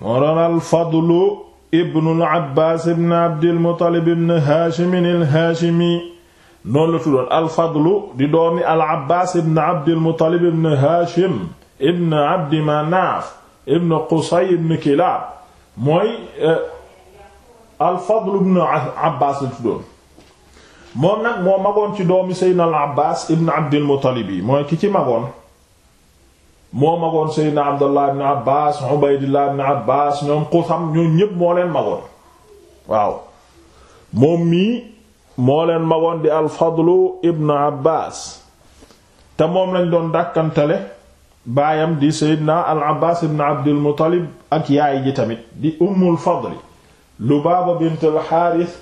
moo doon alfadlu ibnu al-Abbaas ibn Abdil Muttalib ibn Haashim al-Haashimi noonu la tuddoon alfadlu di doomi al-Abbaas ibn Abdil Muttalib ibn Haashim ibn Abdi Manaaf ibn Qusay ibn Kilaab mooy eh, alfadlu ibn Abbaas la tuddoon moo magoon ci doomi Seydina al-Abbaas ibn Abdil Muttalib mooy ki ci magoon moo magoon Seydina Abdallah ibn Abbas Ubaydillah ibn Abbas ñoom Qusam ñoom ñépp moo leen magoon waaw moom mii moo leen magoon di al-Fadlu ibn Abbas te moom lañ doon dàkkantale baayam di Seydina al-Abbas ibn Abdul Muttalib ak yaay ji tamit di Ummul Fadli Lubaaba bint al-Haaris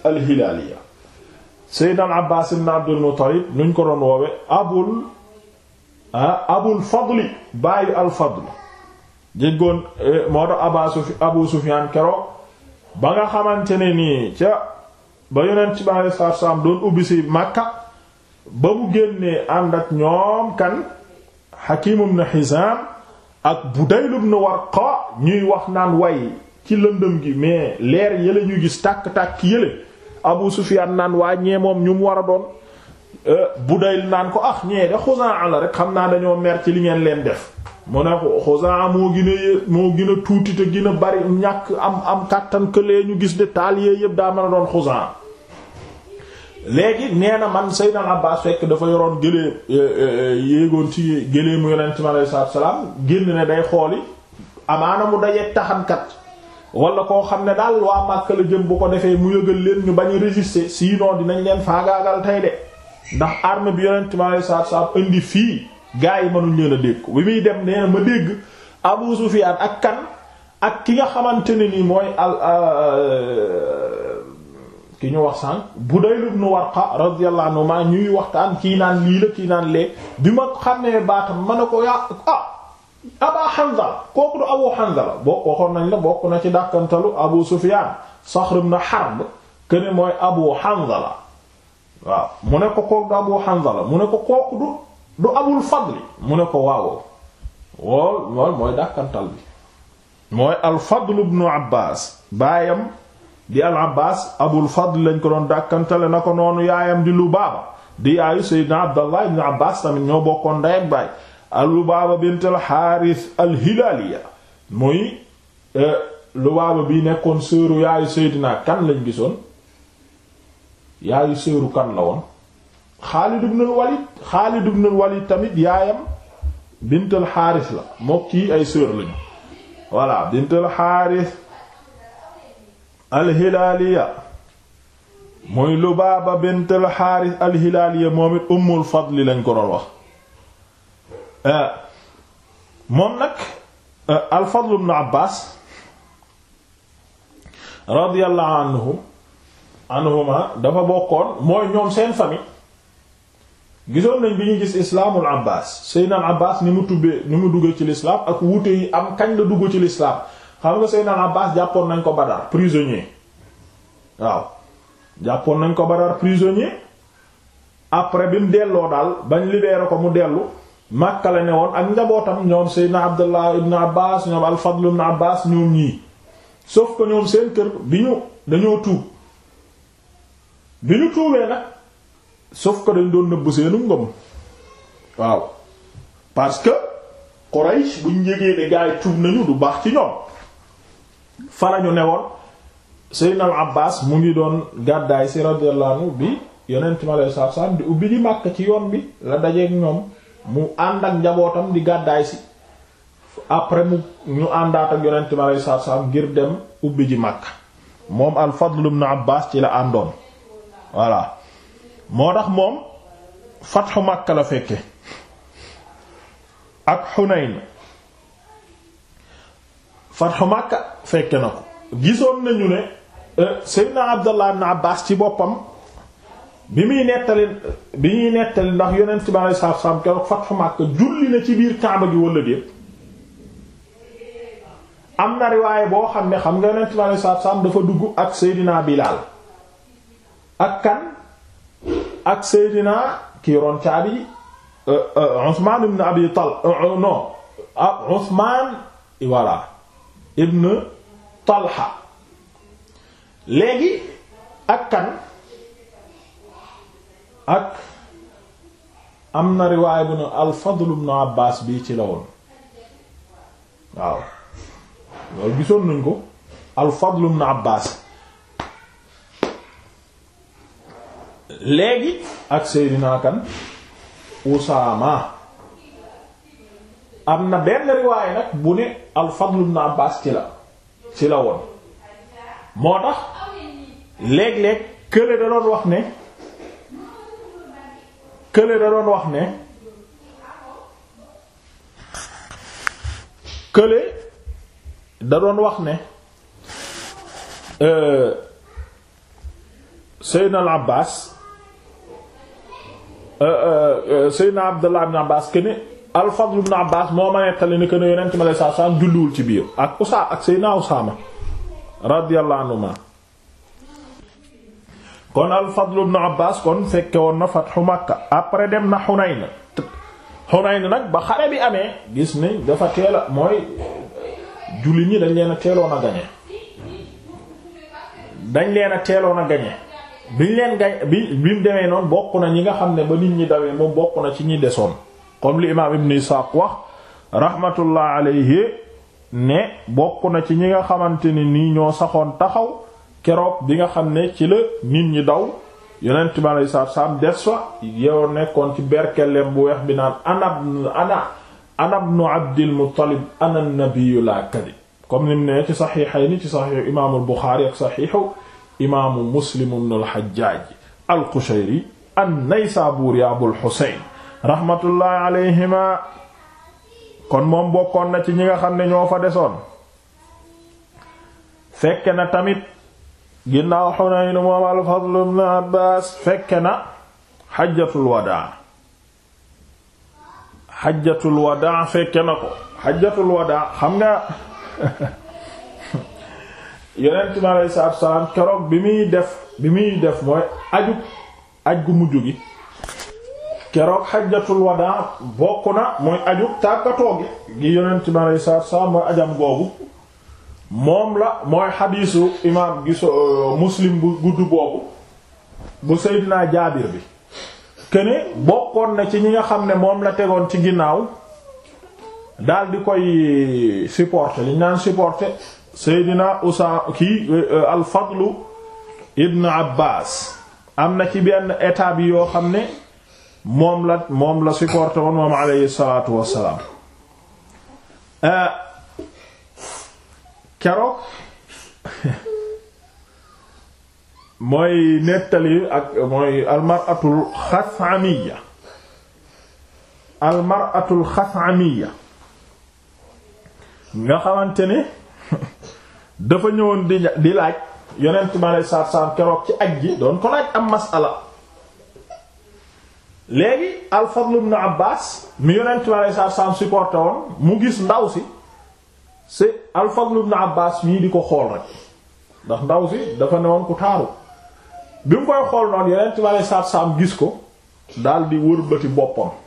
Seydina al-Abbas ibn Abdul Muttalib nuñ ko doon woowe abul ah abul fadli baayu al fadl jéggoon eh, moo tax aba sufi abu sufyaan keroog ba nga xamante ne nii ca ba yonent ci bale sarsam doon ubbi si màkka ba mu génnee ànd ak ñoom kan hakim ibn hizam ak bu budayl ibn warqa ñuy wax naan way ci lëndëm gi mais leer yële ñu gis tàkk-tàkk yële abu sufyaan naan waa ñee ñu mu war a doon bu euh, Budayl naan ko ah ñee de Xuzaa la rek xam naa dañoo mer ci li ngeen leen def mu ne Xuzaa moo gën a moo gën a tuuti te gën a bari ñàkk am am kàttan këlee ñu gis de taal yee yëpp daa mën a doon Xuzaa léegi nee na man Seydina Abbaas fekk dafa yoroon gëlee euh, euh, yéegoon ci gëlee mu yonent mi alayhi salaatu salaam génn ne day xooli amaana mu dajee taxankat wala koo xam ne daal waa Màkka la jëm bu ko defee mu yëgal leen ñu bañ a résister sinon dinañ leen faagaagal ndax arme bi yonent mi alei saatu salaam indi fii gaa yi mënuñ leen a dégg bi muy dem nee na ma dégg Abu Sufyaan ak kan ak ki nga xamante ne ni mooy al euh, ki ñu wax sànq Budayl ibn Warqa radiyallahu ma ñuy waxtaan kii naan lii la kii naan lee bi ma xamee baatam ma ne ko yaa ah Aba Hanzala kooku du Abu Hanzala boo nañ la bokk na ci dàkkantalu Abu Sufyaan Saxr ibn Harb kene mooy Abu Hanzala waaw mu ne ko kooku du Abu Hanzala mu ne ko kooku du du Abul Fadli mu ne ko waawoo wool loolu mooy dàkkantal bi mooy al Fadl ibn Abbas baayam di al Abbas Abul Fadl lañ ko doon dàkkantale na ko noonu yaayam di lu Lubaaba di yaayu Seydina Abdallah ibn Abbas tamit ñoo bokkoon ndey ak baay al Lubaaba bint al Haaris al Hilaaliya muy eh, Lubaaba bi nekkoon sœuru yaayu Seydina kan lañ gisoon yaayu seeru kan la woon Xaalid ibn al-Walid Xaalid ibn al-Walid tamit yaayam bint al-Xaaris la mook kii ay sœur lañu voilà bint al-Xaaris al-Hilaaliya muy Lubaaba bint al-Xaaris al-Hilaaliya moom it Ummul Fadli lañ ko doon wax euh, moom nag euh, al-Fadl ibn Abbaas radiyallahu anhu anhuma dafa bokkoon mooy ñoom seen famille gisoon nañ bi ñu gis islaamul abbas seynal abbas ni mu tubbee ni mu duggee ci lislaam ak wuute yi am kañ la dugg ci lislaam xam nga seynal abbas jàppoon nañ ko badar prisonnier waaw jàppoon nañ ko badar prisonnier après bi mu delloo daal bañ libéré ko mu dellu Makka la ne woon ak njabootam ñoom seydna abdullah ibn abbas ñoom al fadl ibn ñoom ñii sauf que ñoom seen kër bi ñu dañoo tuub bi ñu tuubee nag sauf que dañ doon nëbb seenu ngëm waaw parce que Quraysh buñ yégee ne gaa tuub nañu du baax ci ñoom fa lañu newoon Seydina al Abbaas mu ngi doon gàddaay si radiyallahu bi yonent mi alayhi salaatu di ubbi di Makka ci yoon bi la dajeek ñoom mu ànd ak njabootam di gàddaay si après mu ñu àndaat ak yonent mi alayhi salaatu ngir dem ubbi ji Makka moom al Fadl na Abbaas ci la àndoon voilà moo tax moom fatxu makk la fekke ak Xunayn fatxu Makka fekke na ko gisoon nañu ne euh, Seydina Abdallah ibn Abbas ci boppam bi muy nettali bi ñuy nettali ndax yonent bi alayhi salaatu salaam fatxu Makka julli na ci biir Kaaba gi wala déet am na riwaaye boo xam ne xam nga yonent bi alayhi salaatu dafa dugg ak Seydina Bilaal ak kan ak Seydina ki yoroon caabi euh, euh, Usmaan ibn Abi Tal euh, non Usmaan voilà ibn Talha léegi ak kan ak am na riwaay bu ne al-Fadl ibn Abbaas bii ci la woon waaw loolu gisoon nañ ko al-Fadl ibn Abbaas léegi ak Seydina kan Usaama am na benn riwaay nag bu ne al-Fadl ibn ci la ci la woon moo tax léeg-léeg kële da doon wax ne kële da doon wax ne kële da doon wax ne euh, Seydina al-Abbas Euh, euh, euh, Seydina Abdullah ibn Abbas que ne al-Fadl ibn Abbas moo ma nettali ne que ne Yonent mi alayhi salaatu salaam julliwul ci biir ak Usaama ak Seydina Usaama radiyallahu anhuma kon al-Fadl ibn Abbas kon fekke woon na fathu Makka après dem na Hunayn Hunayn nag ba xare bi amee gis ni dafa teel a mooy jullit ñi dañ leen a teeloon a gañe dañ leen a teeloon a gañe biñ leen gay bi bi mu demee noonu bokk na ñi nga xam ne ba nit ñi dawee moom bokk na ci ñi desoon comme li imaam ibn Isaaq wax rahmatullah alayhi ne bokk na ci ñi nga xamante ni nii ñoo saxoon taxaw keroog bi nga xam ne ci la nit ñi daw yonent bi alayhi salaatu salaam des fa yow nekkoon ci berkelem bu weex bi naan anab ana anabnu Abdil Muttalib ana nabiyyu la kadib comme ni mu ne ci saxiixayni ci saxiixu imaamul Buxaari ak saxiixu imaamu muslim ibn al-Hajjaj al-Qushayri an-Naysaburi Abul Husayn rahmatullahi alayhima kon moom bokkoon na ci ñi nga xam ne ñoo fa desoon fekke na tamit ginnaaw Hunayn moom al-Fadl ibn Abbas fekke na xajjatul wadaa xajjatul wadaa xam nga yonent bi aleyhi salaam keroog bi muy def bi muy def mooy aju aj gu mujj gi keroog xajjatul wadaa bokk na mooy aju tàggatoo gi gi yonent bi aleyhi salaam mooy ajam googu moom la mooy xadiisu imaam giso euh, muslim bu gudd boobu bu seydinaa jaabir bi kene bokkoon na ci ñi nga xam ne moom la tegoon ci ginnaaw daal di koy supporter li ñu naan supporter seydina usa kii euh, al fadlu ibn abbas am na ci benn état yoo xam ne moom la moom la supporté woon moom alayhi salaatu wassalaam euh, keroog mooy nettali ak mooy almaratul xasamiya almaratul xasamiya nga xamante ne dafa ñëwoon di laaj yonent ma lay saar keroog ci aj gi doon ko laaj am masala léegi al Fadl ibn mi yonent ma lay saar saar supporté mu gis ndaw si si al Fadl ibn mii di ko xool rek ndax ndaw si dafa ne woon ku taaru bi mu koy xool noonu yonent ma lay saar gis ko dal di wërbati boppam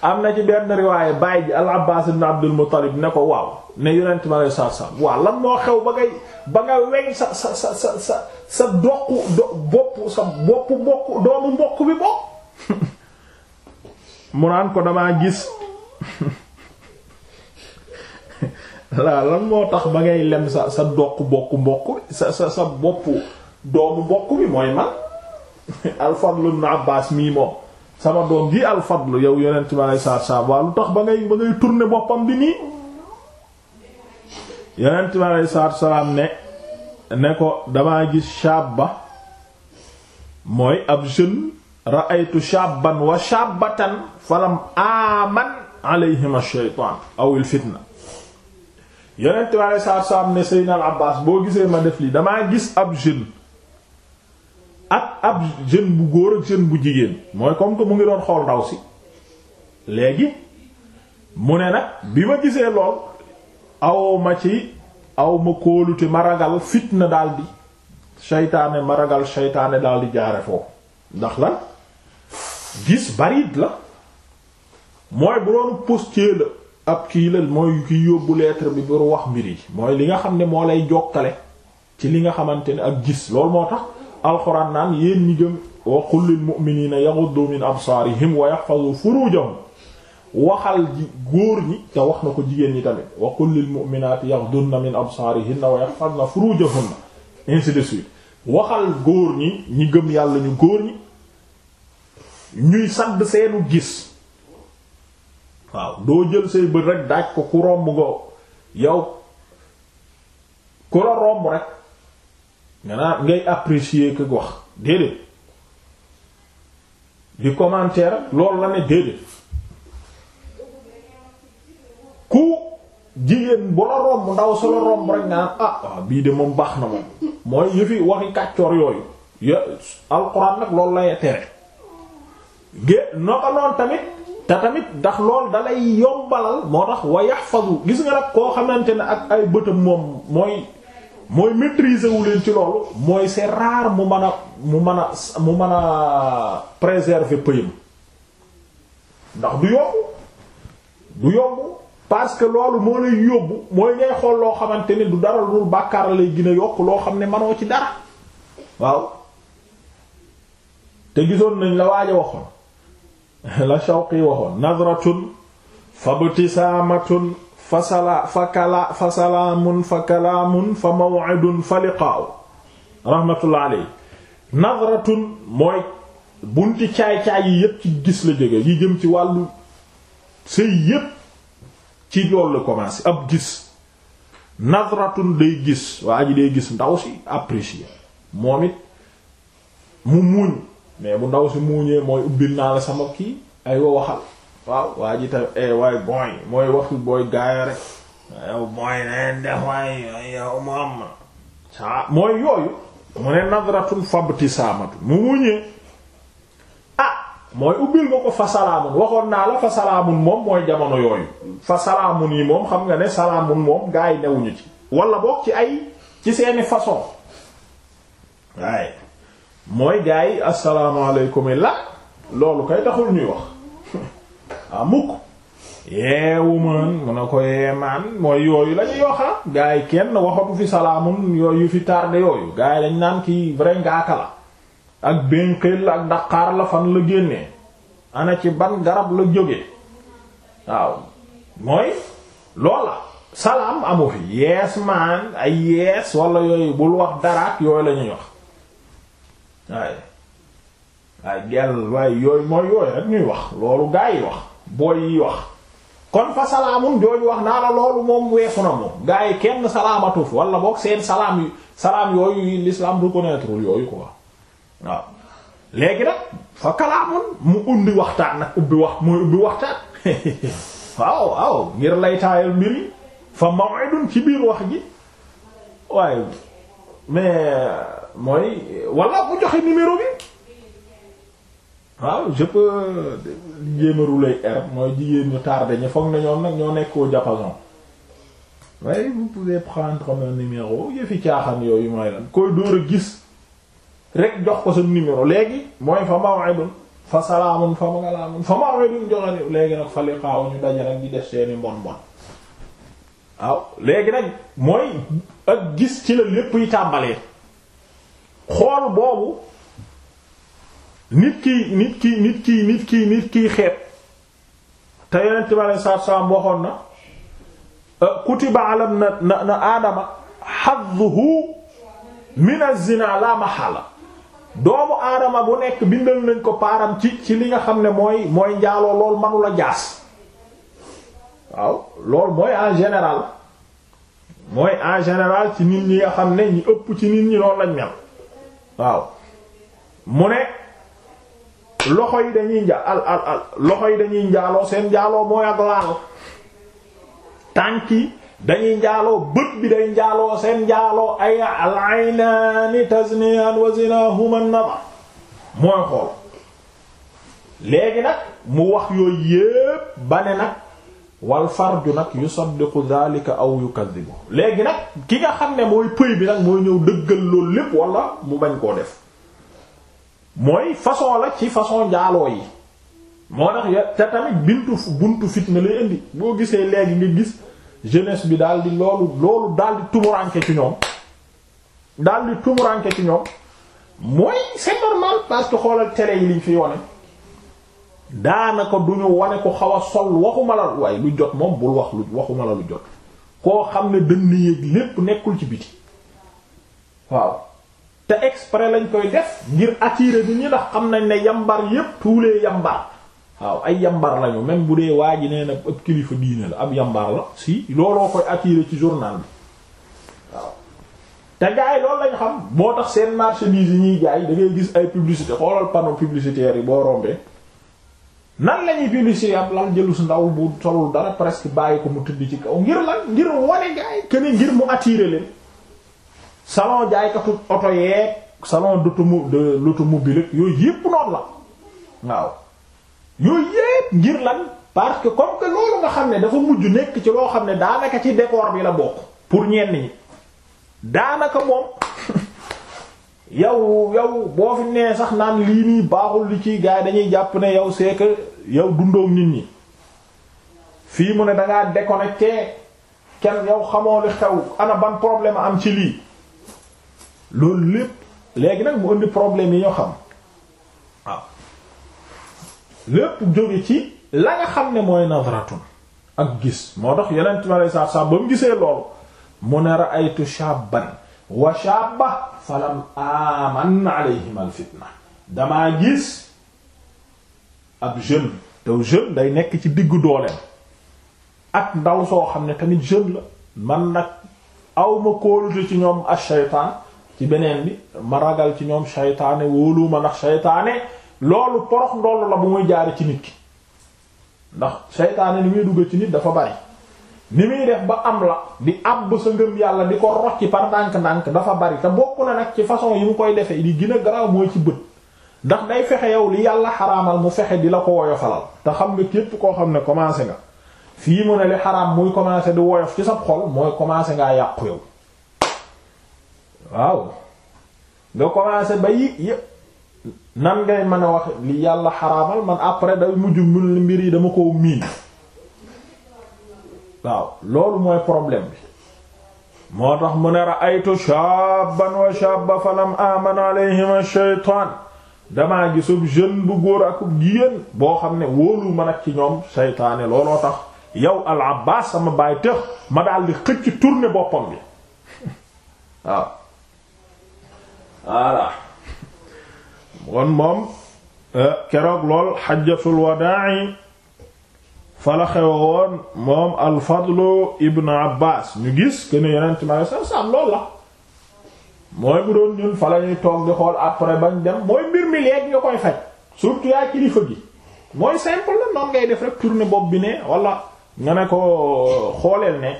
am na ci benn riwaaye baay ji al abbaas ibn abdul muttalib ne ko waaw ne yonent ma lay saar saar waaw lan moo xew ba ngay ba nga weñ sa sa sa sa mbokk doomu bokk ko damaa gis laa lan moo tax ba ngay lem sa sa doq bokk doomu mbokk bi mooy man al fadlu ibn abbaas mii moom sama doom ji alfadl yow yonent bi alei saatu salaam waa lu tax ba ngay ba ngay tourner boppam bi nii yonent bi alei saatu salaam ne ne ko damaa gis ba mooy ab jeune ra'aytu shabban wa shabbatan falam aman alayhima shaytaan awil fitna yonent bi alei saatu ne seydina al boo gisee ma def lii damaa gis ab jeune ak ab jeune bu góor ak jeune bu jigéen mooy comme que mu ngi doon xool ndaw si léegi mu ne nag bi ma gisee lool aw ma ci aw ma kóolute ma ragal fitna daal di seytaane ma ragal seytaane daal di jaare foofu ndax la gis barit la mooy bu doon postier la ab kii la mooy ki yóbbu lettre bi pour wax mbir yi mooy li nga xam ne moo lay jokkale ci li nga xamante ne ak gis loolu moo tax alxuraan naan yéen ñi gëm wa qul lil mu'minina yaghuddu min absaarihim wa yahfazu furujahum waxal ji góor ñi te wax na ko jigéen ñi tamit wa qul lil mu'minati yaghdudna min absaarihinna wa yahfazna furujahunna ainsi de suite waxal góor ñi ñi gëm yàlla ñu góor ñi ñuy sadd seenu gis waaw doo jël say bët rek daaj ko ku romb nga yow ku la romb rek nga naan ngay apprécier ko wax déedéet di commentaire loolu la ne déedéet ku jigéen bu la romb ndaw su romb rek nga naan ah, ah bii de moom baax na moom mooy yëfi waxi kàccoor yooyu ya alxuraan nag loolu lay tere gé noo ko tamit te tamit ndax lool dalay yombalal moo tax wa yaxfazu gis nga nag koo xamante ne ak ay bëtam moom mooy mooy maîtriser wu leen ci loolu mooy c'est rare mu mën a mu mën a mu mën a préserver pëyam ndax du yomb du yomb parce que loolu moo lay yóbbu mooy ngay xool loo xamante ni du dara lu dul bàkkaar lay gën yokk loo xam ne manoo ci dara waaw te gisoon nañ la waaja waxoon la Shawqi waxoon nazratun fabtisamatun fa sala fa kala fa salaamun fa kalaamun fa maw'idun fa liqaa'u rahmatullah aley nadratun mooy bunti caay-caay yi yépp ci gis la jóge yi jëm ci wàllu sëy yépp ci loolu la commencé ab gis nadratun day gis waa ji day gis ndaw si apprécier moom it mu muuñ mais bu ndaw si muuñee mooy ubbil naa la sama kii ay waxal waaw waa ji tam eh waaye booy mooy waxi booy gaaya rek yow booy neen def waay yow moom mooy yooyu mu ne nadratun fabtisaamatu mu muñee ah mooy ubbil nga ko fa salaamun waxoon naa la fa salaamun moom mooy jamono yooyu fa salaamun yi moom xam nga ne salaamun moom gaa yi newuñu ci wala boog ci ay ci seeni façon waaye mooy gaa yi asalaamaaleykum la loolu kay taxul ñuy wax amuk yeewu man mu ne ko man mooy yooyu la ñu yoxa ah. gars yi kenn waxatu fi salaamun yooyu fi tardé yooyu gars yi dañ naan kii vrai ngaaka la ak benqeel la ak ci ban garab la jógee waaw salaam amu fi yees maan ay yees wala yooyu bul wax daraak yooyu la wax waaye waaye gel waaye yooyu mooy yooyu rek ñuy wax loolu gaa yi wax booy yi wax kon fa salaamun jooju wax naa la loolu moom weesu na moom gaa yi kenn salaamatu fi wala boog seen salaam yi salaam yooyu l'islam reconnaître yooyu quoi waaw léegi nag fa kalaamun mu undi waxtaan nag ubbi wax mooy ubbi waxtaan waaw ci biir wax ji waaye mais mooy wala bu joxe numéro bi waaw je peux jéem a mooy jigéen ñu tardé ñu foog na nag ñoo nekkoo jàppason waaye vous pouvez prendre comme un numéro yëfi caaxaan yooyu mooy lan koy dóor a gis rek jox ko sa numéro léegi mooy fa maw'idun fa salaamun fa magalamun fa maw'idun joxe léegi nag fa liqa'u ñu daje di def seeni mbon mbon waaw léegi nag mooy ak gis ci la lépp yi tàmbalee xool boobu nit ki nit ki nit ki nit kii nit ki xeeb te yonent bi alei salaatu salaam waxoon na euh, kutiba alam na na na aadama xadduhu min az-zina la mahala doomu aadama bu nekk bindal nañ ko paaram ci ci li nga xam ne mooy mooy njaaloo lool manula jaas waaw lool mooy en général mooy en général ci nit ñi nga xam ne ñi ëpp ci nit ñi loolu lañ mel waaw mu ne loxo yi dañuy loxo yi dañuy njaaloo seen njaaloo mooy ak laal tànk yi dañuy njaaloo bët bi day njaaloo seen njaaloo ay al aynaani tazniyan wa zinahuma an mooy xool léegi nag mu wax yooyu yépp ba ne nag wal farju nag yusaddiqu dhalika aw yukadhibu léegi nag ki nga xam ne mooy pëy bi nag mooy ñëw dëggal loolu lépp wala mu bañ koo def mooy façon la ci façon njaaloo yi moo tax ya te tamit bintu buntu fitna lay indi boo gisee léegi nga gis jeunesse bi daal di loolu loolu daal di tumuranke ci ñoom daal di tumuranke ci ñoom mooy c'est normal parce que xoolal tere yi liñ fi wone daanaka duñu wane ko xaw a sol waxuma la waaye lu jot moom bul wax lu waxuma la lu jot koo xam ne dënn yéeg lépp nekkul ci biti waaw te exprès lañ koy def ngir attirer nit ñi ndax xam nañ ne yambar yépp tous les yambar waaw ay yambar lañu même bu dee waa ji nee na ab kilifa diine la ab yambar la si looloo koy attirer ci journal bi waaw te gars yi loolu lañ xam moo tax seen marchandise yi ñuy jaay da ngay gis ay publicité xoolal panneau publicitaire yi boo rombee nan lañuy publicité ab lan jëlu si ndaw bu solul dara presque bàyyi ko mu tëdd ci kaw ngir lan ngir wane gars yi ngir mu attirer leen. salon jaaykatu oto yeeg salon d'automo de l'automobile yooyu yépp noonu la waaw yooyu yépp ngir lan parce que comme que loolu nga xam ne dafa mujj nekk ci loo xam ne daanaka ci décor bi la bokk pour ñenn ñi daanaka moom yow yow boo fi nee sax naan lii nii baaxul li ci gars yi dañuy jàpp ne yow c'est que yow dundoom nit ñi fii mu ne dangaa déconnecté kenn yow xamoo li xew ana ban problème am ci lii loolu lépp léegi nag mu indi problème yi ñoo xam waaw lépp jóge ci la nga xam ne mooy nazratun ak gis moo tax yeneen mi alei satu ba mu gisee loolu mu ne ra'aytu shabban wa shabba falam aman alayhim fitna damaa gis ab jeune tew jeune day nekk ci diggu dooleem ak ndaw soo xam ne tamit jeune la man nag awma kóolute ci ñoom ash-shaytan ci beneen bi ma ragal ci ñoom shaytaane wóoluwuma ndax shaytaane loolu porox ndoll la bu muy jaare ci nit ki ndax shaytaane ni muy dugg ci nit dafa bari ni muy def ba am la di àbb sa ngëm yàlla di ko rocci par ndànk-ndànk dafa bari te bokk na nag ci façon yi mu koy defee di gina a garaaw mooy ci bët ndax day fexe yow li yàlla xaraamal mu fexe di la ko woyofalal te xam nga képp koo xam ne commencé nga fii mu ne li xaraam muy commencé di woyof ci sa xol mooy commencé ngaa yàqu waaw nga commencé ba yi yëpp nan ngay mën a wax li yàlla xaraamal man après day mujj mun mbir yi dama ko miin waaw loolu mooy problème bi moo tax mu ne ra'aytu shaban wa shaba falam aman alayhim ash-shaytan damaa gisub jeune bu góor ak jigéen boo xam ne wóolu ma nag ci ñoom seytaane looloo tax yow al abbas sama baay tëx ma daal xëcc tourner boppam bi waaw voilà moom eh, keroog lool xajjatul wadaa fa la xew woon moom alfadlu ibn abbas ñu gis que ne yonent ma sam-sam lool la mooy bu doon ñun fa la ñuy toog di xool après bañ dem mooy mbir mi léegi nga koy faj surtout yaay kilifa gi mooy simple la ngay def rek tourner bopp bi ne wala nga ne ko xooleel ne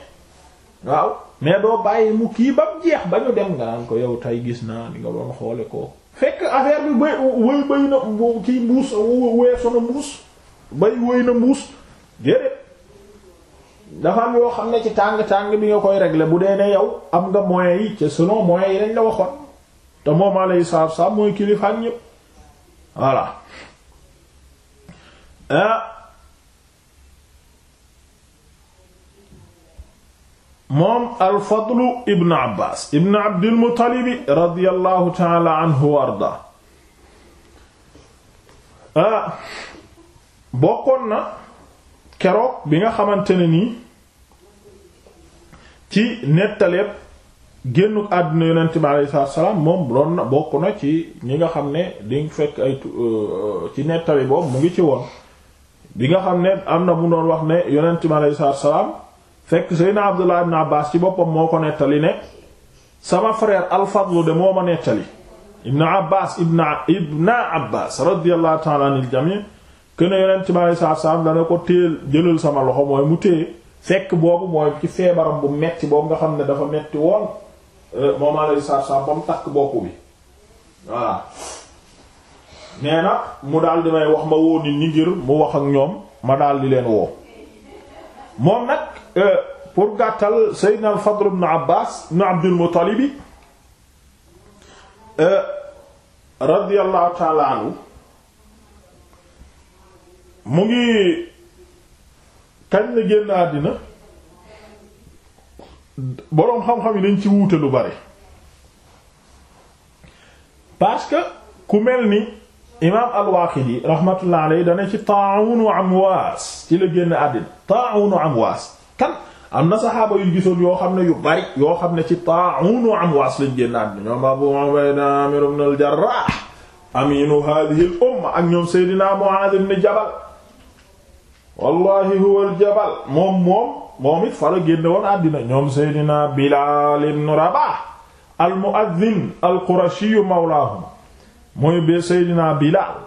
waaw mais doo bàyyi mu kii ba mu jeex ba ñu dem nga naan ko yow tey gis naa ni nga doon xoole kooku fekk affaire bi bay wéy bay na kii mbuus weesu na mbuus bay wéy na mbuus déedéet dafa am yoo xam ne ci tàng-tàng bi nga koy régler bu dee ne yow am nga moyens yi ca selon moyens yi dañ la waxoon te moom alayhi salaatu salaam mooy kilifa ñépp voilà euh, moom alfadlu ibn abbas ibn abdilmutalibi radiallahu taala anhu wa arda ah bokkoon na keroog bi nga xamante ne nii ci nettaleeb génnu àddina yonent bi alayhi salaam moom doon na bokk na ci ñi nga xam ne dinga fekk ay euh, ci nettali boobu mu ngi ci woon bi nga xam ne am na mu doon wax ne yonent bi alayhi salaam fekk Seydina Abdullah ibn Abbas ci boppam moo ko nettali ne sama frère al de moo ma nettali ibn Abbas ibn ibn Abbas radiyallahu ta'ala anil kën a yonent bi aleyhi salaatu salaam dana ko téel jëlal sama loxo mooy mu téye fekk boobu mooy ci feebaram bu metti boobu nga xam ne dafa metti woon euh, moom aleyhi salaatu ba mu takk bopp bi voilà nee na mu daal di may wax ma woo nit ñi mu wax ak ñoom ma daal di leen woo moom nag Euh, pour gàttal Seydina al-Fadl ibn Abbas ibn Abdul Muttalib euh, ta'ala anhu mu ngi kañ la génn àddina boroom xam-xam yi dañ ci wuute lu bari ku mel ni imaam al-Waaqidi rahmatullah alayhi dana ci Taa'un wa Amwaas ci la génn àddina Taa'un wa Amwaas kan am na saxaaba yu gisoon yoo xam ne yu bari yoo xam ne ci Taa'uun wa Amwaas lañ génn àddina ñoom Abu Ubayda Aamir ibn al-Jarraah amiinu haadihil umma ak ñoom Seydina Muaaz ibn Jabal wallahi huwa al-Jabal moom moom moom it fa la génn woon àddina ñoom Seydina Bilaal ibn Rabaah al-mu'adhdhin al-Qurashi mawlaahum mooy be Seydina Bilaal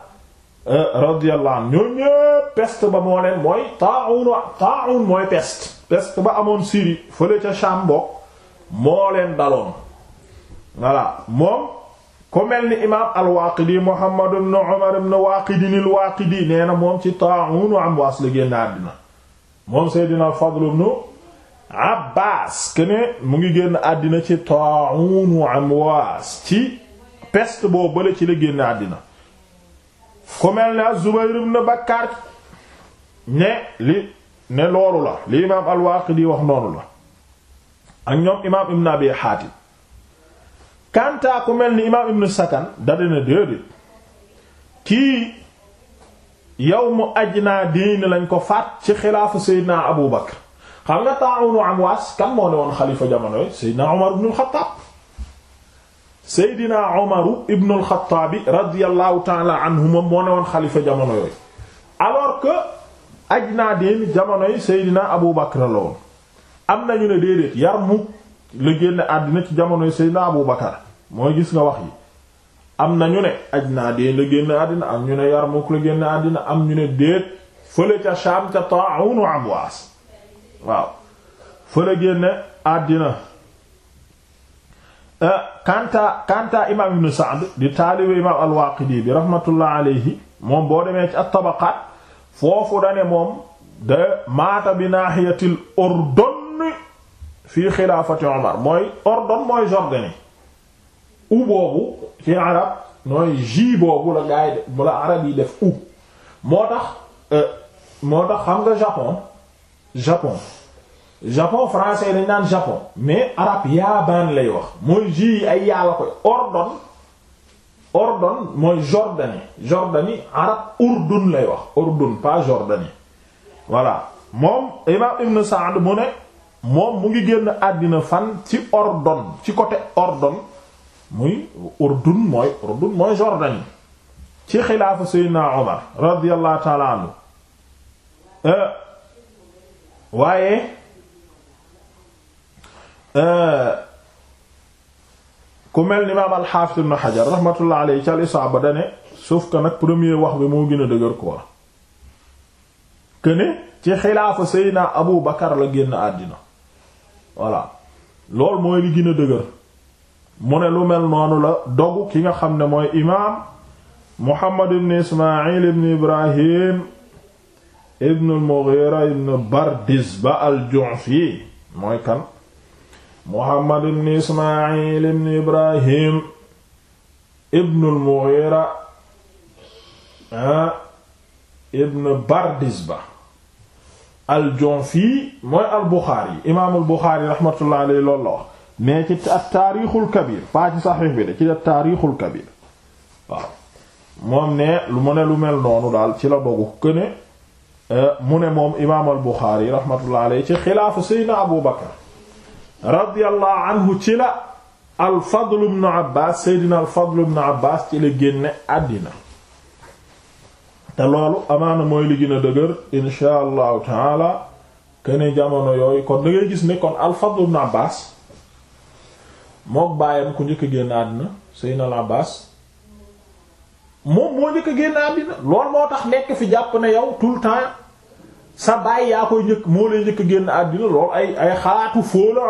eh, radiyallahu anhu ñoo ñépp peste ba moo leen mooy Taa'uun Taa'uun mooy peste peste ba amoon Syrie fële ca Sham bokk moo leen daloon voilà moom ku mel ni imaam al-Waaqidi Muhammad ibn Umar ibn Waaqidi al-Waaqidi nee na moom ci Taa'uun Amwaas la génn àddina moom Seydina al-Fadl ibn Abbaas kene mu ngi génn àddina ci Taa'uun Amwaas ci peste boo bële ci la génn àddina ku mel ni az-Zubayr ibn Bakkaar ne li ne loolu la li imaam al wax noonu la ak ñoom imaam ibn Abi Haatim kantaa ku mel ni imaam ibn Sakan dadi na déedéet kii yawmu ajnaa diin lañ ko faat ci xilaafu Seydina Abu Bakr xam nga Taa'uunu Amwaas kan moo ne woon xalifa jamono yi Seydina Umar ibn al-Xattaab Seydina Umar ibn al-Xattaab radiyallahu ta'ala anhuma moo ne woon xalifa jamono yooyu alors que ajnaadin jamonoy Seydina Abu Bakr la woon am nañu ne déedéet Yarmuk la génn àddina ci jamonoy Seydina Abu Bakr mooy gis nga wax yi am nañu ne ajnaadin la génn àddina am ñu ne Yarmuk la génn àddina am ñu ne déet fële ca Sham ca Ta'un Amwaas waaw fële génn àddina eh, kanta kanta imaam ibn Sa'd di taalibe imaam al bi rahmatullah alayhi moom boo demee ci at-Tabaqaat foofu dane moom de maata bi naaxiyatil ordon fii xilaafati Omar mooy ordon mooy Jordanie u boobu ci arab nooy ji boobu la gaay yi def u euh, moo tax xam nga Japon Japon Japon français dañ naan Japon mais arab yaabaan lay wax mooy ji ay yaa koy ordon ordon mooy jordani jordani arab urdun lay wax urdun pas jordani voilà moom imam ibn Sa'd mu ne moom mu ngi génn àddina fan ci ordon ci côté ordon muy urdun mooy urdun mooy jordani ci xilaafa seydina Omar radiyallahu ta'ala anhu euh, waaye euh, ku mel ni imaam al-Hafiz ibn Hajar rahmatullah alayhi ci al-Isaaba dane nag premier wax bi moo gën a dëgër quoi que ci xilaafa Seydina Abu Bakar la génn àddina voilà loolu mooy li gën a dëgër mu ne lu mel noonu la dogu ki nga xam ne mooy imaam Muhammad ibn Ismaayil ibn Ibrahim ibn al-Mughira ibn Bardizba al-Ju'fi mooy kan Muhammad ibn Ismaayil ibn Ibrahim ah, ibn al-Mughira ibn Bardisba al-Ju'fi mooy al-Buxaari imaam al-Buxaari raxmatullahi alayhi la wax mais ci at-Taarixul Kabiir pas ci Saxiix bi de ci at-Taarixul Kabiir moom ne lu mu ne lu mel noonu daal ci la dogu këne eh, mu ne moom imaam al-Buxaari raxmatullahi alayhi ci xilaafu Seydina Abu Bakar radiyallahu anhu ci la alfadl ibn abbas seydina alfadl ibn abbas ci la génne àddina te loolu amaana mooy li gën dëgër insha allahu taala kene jamono yooyu kon da ngay gis ne kon alfadl ibn abbas mook baayam ku njëkk a génn àddina seydina al abbas moom moo njëkk a génn àddina loolu moo tax nekk fi jàpp na yow tout le temps sa baay yaa koy njëkk moo lay njëkk génn àddina loolu ay ay xalaatu foo la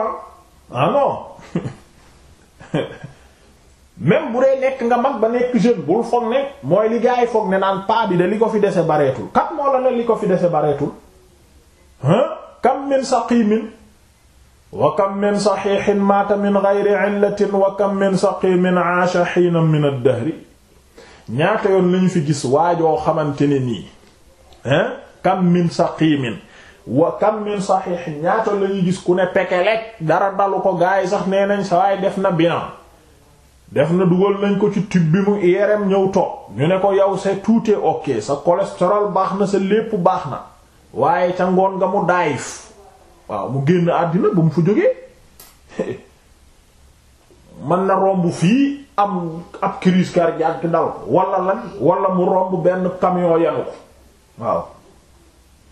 ah, ah bu dee nekk nga mag ba nekk jeune bul foog ne mooy li yi foog ne naan paa bi de li ko fi dese bareetul kat moo la ne li ko fi dese bareetul ah kam min saqimin wa kam min saxiixin maata min gayri illatin wa kam min saqimin aasha xiinan min ad-dahri ñaata yoon lañu fi gis waajoo xamante ne nii hein kam min saqimin wa kam min saxiix ñaata la gis ku ne pekelek dara dalu ko gars yi sax nee nañ sa waaye def na bilan def na dugal nañ ko ci tube bi mu IRM ñëw toog ñu ne ko yow c'est tout est sa cholestérol baax na sa lépp baax na waaye ca ngoon nga mu daayif waaw mu génn àddina ba mu fa jógee mën na romb fii am ab crise cardiaque dal wala lan wala mu romb benn camion yanu ko waaw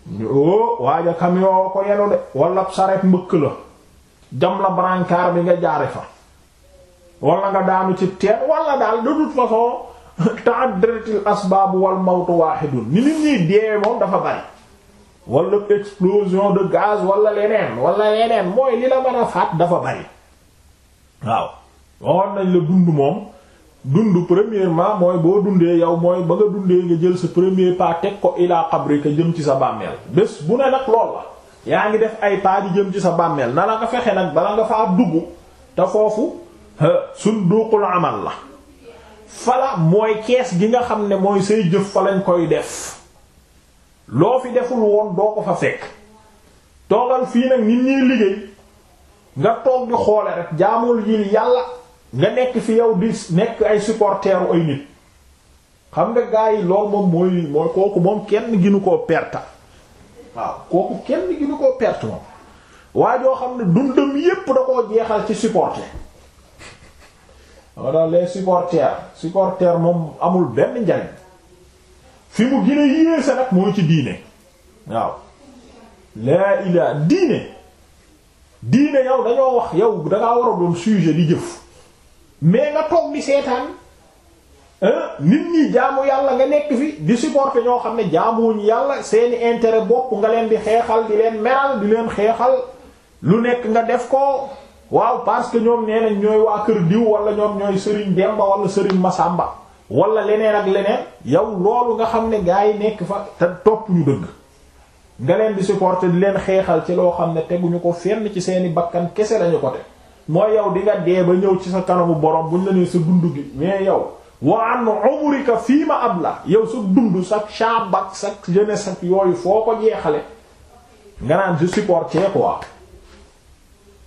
o oh, waaja camion ko yenu de wala saret mbëkk la jam la brancard bi nga jaare fa wala nga daanu ci teen wala daal de toute façon ta'addaratil asbaabu wal mawtu waahidun ni nit ñiy deewee moom dafa bari wala explosion de gaz wala leneen wala leneen mooy li la mën faat dafa bari waaw waxoon nañ la dund moom dund premièrement mooy boo dundee yow mooy ba nga dundee nga jël sa premier pas teg ko ilaa xabri ka jëm ci sa bàmmeel bés bu ne nag lool la yaa ngi def ay pas di jëm ci sa bàmmeel na la nga fexe nag bala nga faa dugg te foofu sunduqul amal la fala mooy kees gi nga xam ne mooy say jëf fa lañ koy def loo fi deful woon doo ko fa fekk toogal fii nag nit ñiy liggéey nga toog di xoole rek jaamul yi yàlla nga nekk fi yow di nekk ay supporteru ay nit xam nga gars yi moom mooy mooy kooku moom kenn ginu koo perte waaw kooku kenn ginu koo perte moom waa joo xam ne dundam yépp da koo jeexal ci supporter wala les supporters supporters moom amul benn njariñ fi mu gën a yéese nag mooy ci diine waaw laa ilaa diine diine yow dañoo wax yow dangaa war a doom sujet di jëf mais nga toog bi seetaan nit ñi jaamu yàlla nga nekk fi di supporter ñoo xam ne jaamuwuñu yàlla seeni intérêt bokk nga leen di xeexal di leen meral di leen xeexal lu nekk nga def ko waaw parce que ñoom nee nañ ñooy waa kër diw wala ñoom ñooy sëriñ Demba wala Serigne Masamba wala leneen ak leneen yow loolu nga xam ne gaa yi nekk fa te topp ñu dëgg nga leen di supporter di leen xeexal ci loo xam ne teguñu ko fenn ci seeni bakkan kese lañu ko teg mooy yow di nga dee ba ñëw ci sa kanamu borom buñ la nee sa dund gi mais yow wa na umrika fii ma ab la yow sa dund sa shaabak sa jeunesse ak yooyu foo ko jeexale nga naan je supporté quoi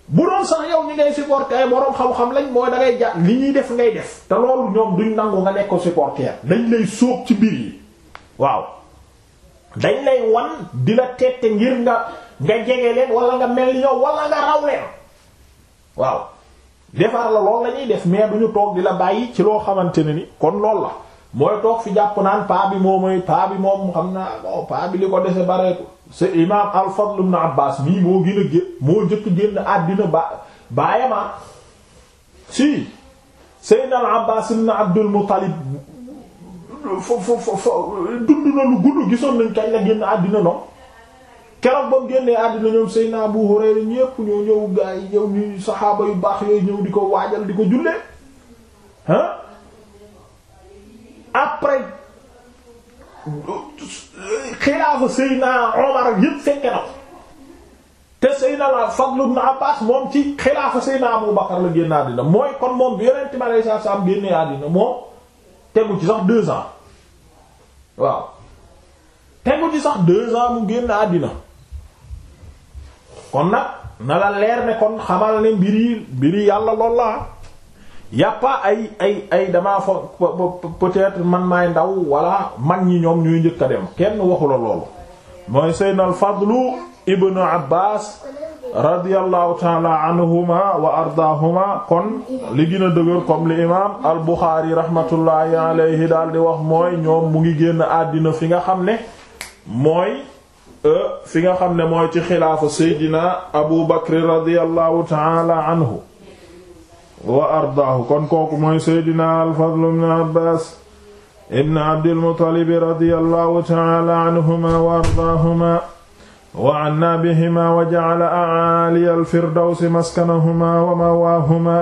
bu doon sax yow ñi ngay supporter ay boroom xam-xam lañ mooy da ngay jà li ñuy def ngay def te loolu ñoom duñ nangu nga nekk supporter dañ lay sóob ci biir yi waaw dañ lay wan di la tette ngir nga nga jege leen wala nga mel ni yow wala nga raw leen waaw defar la loolu la ñuy def mais du ñu toog di la bàyyi ci loo xamante ne ni kon lool la mooy toog fi jàpp naan paa bi moo mooy paa bi moom xam naa bon paa bi li ko dese bareeku sa imaam al-Fadl ibn Abbas mii moo gën a gé moo jëkk génn àddina ba bàyyamaa si Seydina al-Abbas ibn Abdul Muttalib fo fo fo dund na lu gisoon nañ kañ la génn àddina noonu keroog ba mu génnee àddina ñoom Seydina Abu Hurayra ñépp ñoo ñëw gaa yi ñëw ñuy saxaaba yu baax yooyu ñëw di ko waajal di ko jullee ah après xilaafa Seydina Omar yépp fekke na ko te Seydina la Fadlu ibn Abbas moom ci xilaafa Seydina Abu Bakar la génn àddina mooy kon moom bi Yonent bi alayhi salaatu salaam génnee àddina moom tegu ci sax deux ans waaw tegu ci sax deux ans mu génn àddina kon nag na la leer ne kon xamal ne mbir yi yàlla lool la yàppa ay ay ay damaa foog peut man maay ndaw wala mag ñi ñoom ñuy njëkk a dem kenn waxu la loolu mooy seydna al fadlu ibnu abbas radiallahu taala anhuma wa ardaahuma kon li gën a dëgër comme li imam al buxaari alayhi daal di wax mooy ñoom mu ngi génn àddina fi nga xam ne mooy Euh, fi nga xam ne mooy ci xilaafa seydina abu bakr radiallahu taala anhu wa ardaahu kon kooku mooy seydina alfadl ibn abbaas ibn abdilmutalib radiallahu taala anhuma wa ardaahuma wa annaa bihima wa jacala acaaliya alfirdawsi maskanahuma wa mawaahuma